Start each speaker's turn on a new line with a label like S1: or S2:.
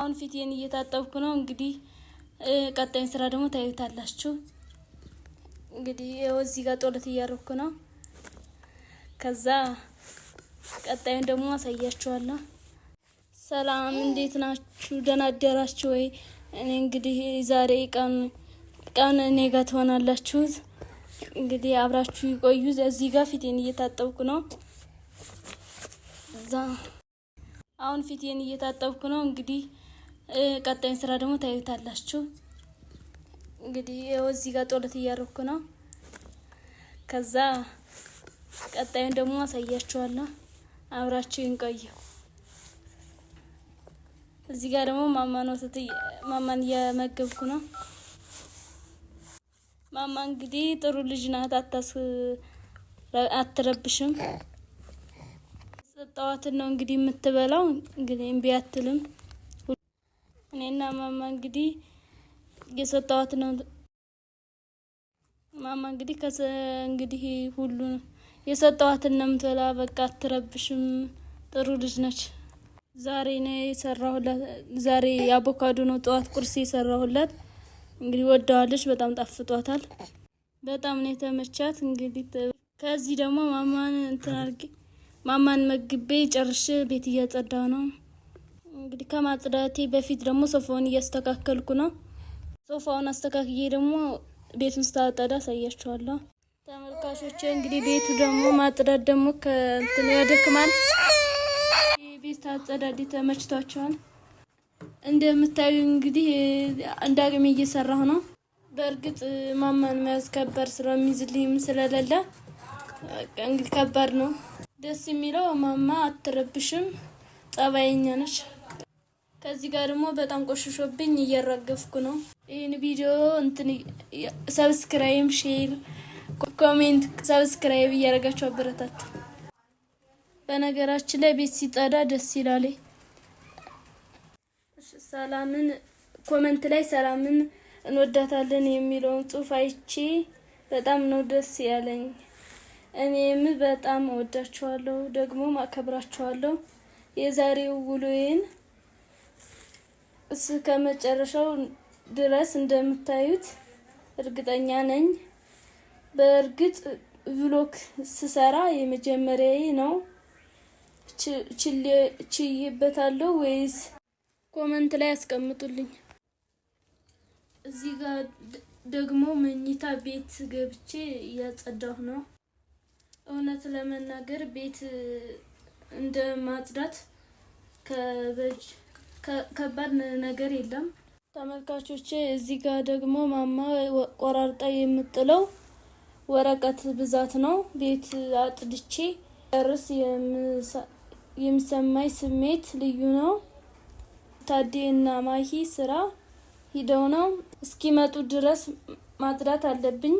S1: አሁን ፊቴን እየታጠብኩ ነው። እንግዲህ ቀጣይን ስራ ደግሞ ታዩታላችሁ። እንግዲህ እዚህ ጋር ጦለት እያረኩ ነው። ከዛ ቀጣዩን ደግሞ አሳያችኋለሁ። ሰላም፣ እንዴት ናችሁ? ደህና አደራችሁ ወይ? እኔ እንግዲህ ዛሬ ቀን ቀን እኔ ጋር ትሆናላችሁ እንግዲህ አብራችሁ ይቆዩ። እዚህ ጋር ፊቴን እየታጠብኩ ነው። እዛ አሁን ፊቴን እየታጠብኩ ነው እንግዲህ ቀጣይን ስራ ደግሞ ታዩታላችሁ። እንግዲህ እዚህ ጋር ጦለት እያረኩ ነው። ከዛ ቀጣዩን ደግሞ አሳያችኋለሁ። አብራችሁ ቆዩ። እዚህ ጋር ደግሞ ማማን ወተት ማማን እየመገብኩ ነው። ማማ እንግዲህ ጥሩ ልጅ ናት፣ አታስ አትረብሽም። ስጠዋትን ነው እንግዲህ የምትበላው እንግዲህ እምቢ አትልም። እኔና ማማ እንግዲህ የሰጠዋት ነው። ማማ እንግዲህ ከሰ እንግዲህ ሁሉ የሰጠዋትን ነው በቃ አትረብሽም፣ ጥሩ ልጅ ነች። ዛሬ ነው የሰራሁላት። ዛሬ የአቮካዶ ነው ጠዋት ቁርስ የሰራሁላት። እንግዲህ ወደዋለች፣ በጣም ጣፍጧታል። በጣም ነው የተመቻት። እንግዲህ ከዚህ ደግሞ ማማን እንትን አድርጌ ማማን መግቤ ጨርሼ ቤት እያጸዳሁ ነው። እንግዲህ ከማጽዳቴ በፊት ደግሞ ሶፋውን እያስተካከልኩ ነው። ሶፋውን አስተካክዬ ደግሞ ቤቱን ስታጠዳ አሳያችኋለሁ ተመልካቾች። እንግዲህ ቤቱ ደግሞ ማጽዳት ደግሞ ከእንትን ያደክማል። ቤት አጸዳድ ተመችቷቸዋል። እንደምታዩ እንግዲህ እንደ አቅሜ እየሰራሁ ነው። በእርግጥ ማማን መያዝ ከባድ ስራ ስለሌለ እንግዲህ ከባድ ነው። ደስ የሚለው ማማ አትረብሽም፣ ጸባየኛ ነች። ከዚህ ጋር ደግሞ በጣም ቆሽሾብኝ እየረገፍኩ ነው። ይህን ቪዲዮ እንትን ሰብስክራይብ፣ ሼር፣ ኮሜንት፣ ሰብስክራይብ እያደረጋቸው አበረታት። በነገራችን ላይ ቤት ሲጸዳ ደስ ይላል። ሰላምን ኮመንት ላይ ሰላምን እንወዳታለን የሚለውን ጽሑፍ አይቼ በጣም ነው ደስ ያለኝ። እኔም በጣም እወዳችኋለሁ ደግሞ አከብራችኋለሁ። የዛሬው ውሎዬን እስከ መጨረሻው ድረስ እንደምታዩት እርግጠኛ ነኝ። በእርግጥ ብሎክ ስሰራ የመጀመሪያዬ ነው። ችይበታለሁ ወይስ ኮመንት ላይ ያስቀምጡልኝ። እዚህ ጋር ደግሞ መኝታ ቤት ገብቼ እያጸዳሁ ነው። እውነት ለመናገር ቤት እንደ ማጽዳት ከበጅ ከባድ ነገር የለም። ተመልካቾቼ እዚህ ጋር ደግሞ ማማ ቆራርጣ የምጥለው ወረቀት ብዛት ነው። ቤት አጥድቼ ጨርስ የሚሰማኝ ስሜት ልዩ ነው። ታዴ እና ማሂ ስራ ሂደው ነው እስኪመጡ ድረስ ማጽዳት አለብኝ።